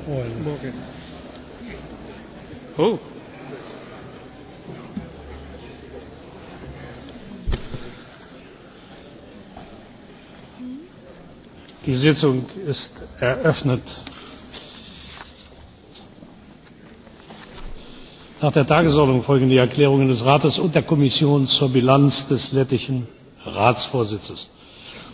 Paul. Morgen. Oh. Die Sitzung ist eröffnet. Nach der Tagesordnung folgen die Erklärungen des Rates und der Kommission zur Bilanz des lettischen Ratsvorsitzes.